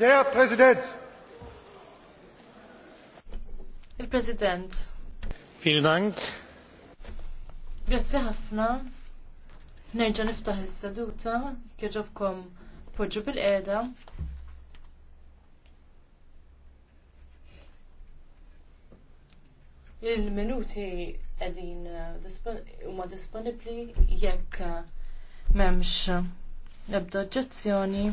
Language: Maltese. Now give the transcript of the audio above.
Der Präsident. Il Präsident. Vielen Dank. Grazzi ħafna. Nerġa' niftaħ is-seduta kieġobkom poġġu bil-qiegħda. Il-minuti qegħdin eh, huma disponibbli jekk eh, m'hemmx ebda oġġezzjoni.